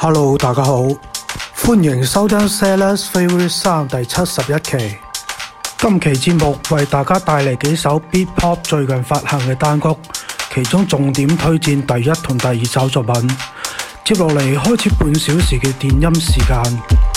Hello，大家好，歡迎收聽《Seller's Favorite Songs》第七十一期。今期節目為大家帶嚟幾首 B-POP 最近發行嘅單曲，其中重點推薦第一同第二首作品。接落嚟開始半小時嘅電音時間。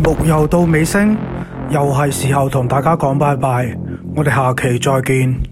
節目又到尾聲，又係時候同大家講拜拜，我哋下期再見。